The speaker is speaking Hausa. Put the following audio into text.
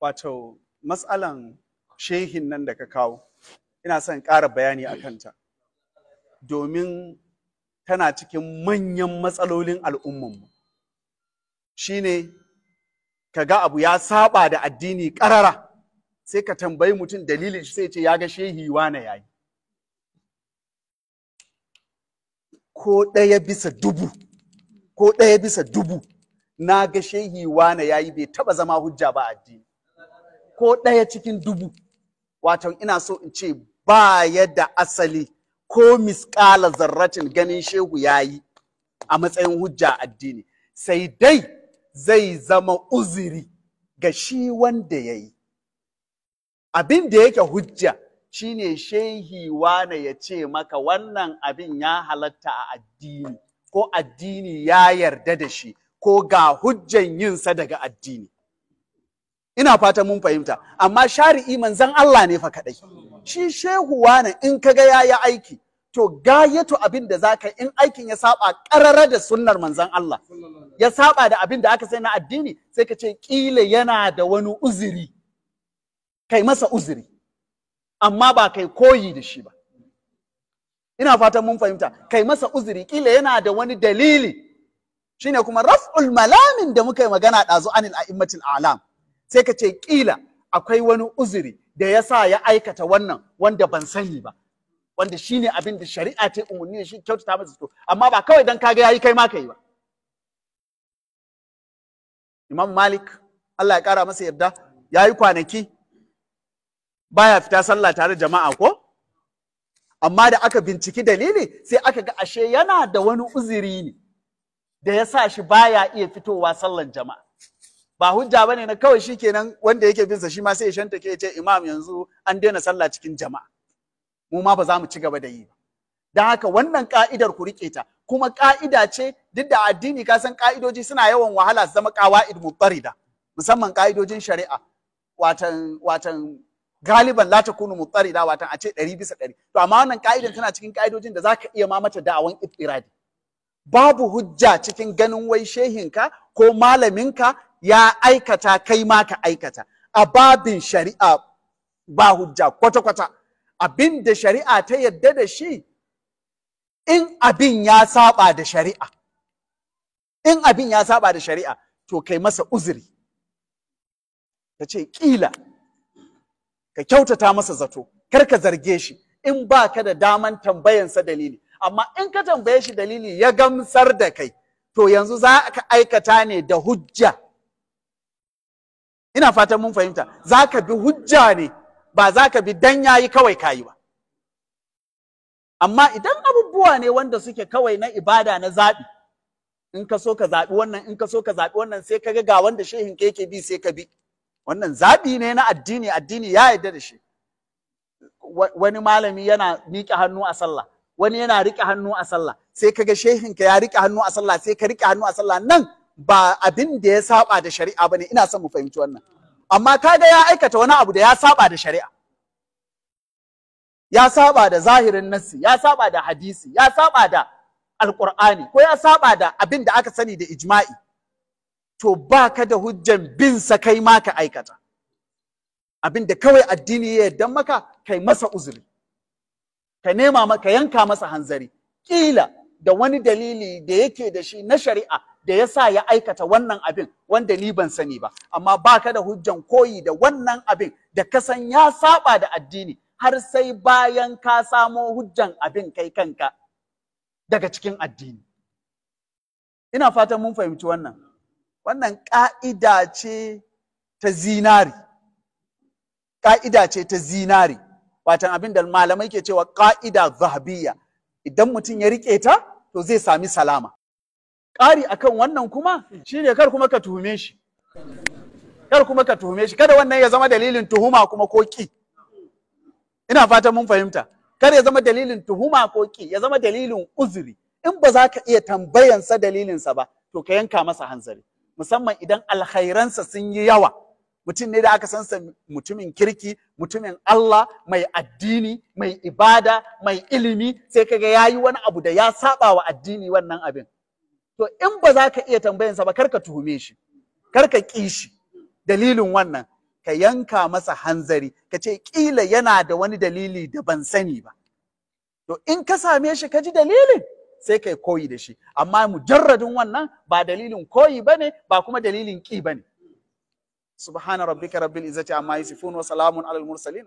wato matsalan shehin nan da ka kawo ina son ƙara bayani a kanta domin tana cikin manyan matsalolin al'ummanmu shi ne ka ga abu ya saba da addini ƙarara sai ka tambayi mutum dalilin shi sai ce ya ga shehi wane yayi ko ɗaya bisa dubu ko ɗaya bisa dubu na ga shehi wane yayi bai taɓa zama hujja ba addini ko ɗaya cikin dubu wato ina so in ce ba yadda asali ko miskala zarratin ganin shehu ya yi a matsayin hujja addini sai dai zai zama uziri ga shi wanda ya yi abin da yake hujja shine shehi wane ya ce maka wannan abin ya halatta a addini ko addini ya yarda da shi ko ga hujjan yinsa daga addini ina fatan mun fahimta amma shari'i manzan Allah ne fa kadai shi shehu wani in kaga yayi aiki to gayatu abin da zaka in aikin ya saba karara da sunnar manzan Allah ya saba da abin da aka sai na addini sai ka ce kila yana da wani uzuri kai masa uzuri amma ba kai koyi da shi ba ina fatan mun fahimta kai masa uzuri kila yana da wani dalili shine kuma raf'ul malamin da muka yi magana ɗazu anil a'immatil a'lam sai ka ce kila akwai wani uzuri da ya sa ya aikata wannan wanda ban sani ba wanda shine abin da shari'a ta umarni da shi kyautata masa to amma ba kawai dan kaga yayi kai ma yi ba Imam Malik Allah ya kara masa yarda yi kwanaki baya fita sallah tare jama'a ko amma da aka binciki dalili sai aka ga ashe yana da wani uzuri ne da ya sa shi baya iya fitowa sallan jama'a ba hujja bane na kawai shikenan wanda yake binsa shi ma sai ya shantake ya ce imam yanzu an daina sallah cikin jama'a mu ma ba za mu ci gaba da yi ba don haka wannan ka'idar ku rike ta kuma ka'ida ce duk da addini ka san ka'idoji suna yawan wahala su zama qawaid mutarida musamman ka'idojin shari'a watan watan galiban la takunu mutarida watan a ce 100 bisa 100 to amma wannan ka'idan tana cikin ka'idojin da zaka iya ma mata da'awan iftiradi babu hujja cikin ganin wai shehinka ko malaminka ya aikata kai ma ka aikata a babin shari'a ba hujja kwata-kwata abin da shari'a ta yadda da shi in abin ya saba da shari'a in abin ya saba da shari'a to kai masa uzuri ka ce ƙila ka kyautata masa zato kar ka zarge shi in ba ka da daman tambayansa dalili amma in ka tambaye shi dalili ya gamsar da kai to yanzu za ka aikata ne da hujja ina fatan mun fahimta za ka bi hujja ne ba za ka bi dan yayi kawai kayi ba amma idan abubuwa ne wanda suke kawai na ibada na zaɓi in ka so ka zaɓi wannan in ka so ka zaɓi wannan sai ka ga wanda shehin ka yake bi sai ka bi wannan zaɓi ne na addini addini ya yarda da shi wani malami yana miƙe hannu a sallah wani yana riƙe hannu a sallah sai ka ga shehin ka ya riƙe hannu a sallah sai ka riƙe hannu a sallah nan ba abin da ya saba da shari'a bane ina son mu fahimci wannan amma ka kaga ya aikata wani abu da ya saba da shari'a ya saba da zahirin nassi ya saba da hadisi ya saba da alqur'ani ko ya saba da abin da aka sani da ijma'i to ba ka da hujjan bin sa kai ma ka aikata abin da kawai addini ya yarda maka kai masa uzuri ka nema ka yanka masa hanzari kila da wani dalili da yake da shi na shari'a da ya sa ya aikata wannan abin wanda ni ban sani ba amma baka da hujjan koyi da wannan abin da ka san ya saba da addini har sai bayan ka samo hujjan abin kai kanka daga cikin addini ina fatan mun fahimci wannan wannan ƙa'ida ce ta zinari ƙa'ida ce ta zinari watan abin da malamai ke cewa ƙa'ida zahabiyya idan mutum ya riƙe ta to zai sami salama ƙari a kan wannan kuma shine kar kuma ka tuhume shi kar kuma ka tuhume shi kada wannan ya zama dalilin tuhuma kuma ko ina fatan mun fahimta kar ya zama dalilin tuhuma ko ya zama dalilin uzuri in ba za ka iya tambayansa dalilinsa ba to ka yanka masa hanzari musamman idan alkhairansa sun yi yawa mutum ne da aka san sa mutumin kirki mutumin Allah mai addini mai ibada mai ilimi sai kaga yayi wani abu da ya saba wa addini wannan abin to in ba za ka iya tambayansa ba karka tuhume shi karka ƙi shi dalilin wannan ka yanka masa hanzari ka ce ƙila yana da wani dalili da ban sani ba to in ka same shi ka ji dalilin sai kai koyi da shi amma mujarradin wannan ba dalilin koyi bane ba kuma dalilin ƙi bane subhana rabbika rabbil izzati amma yasifun wa salamun alal mursalin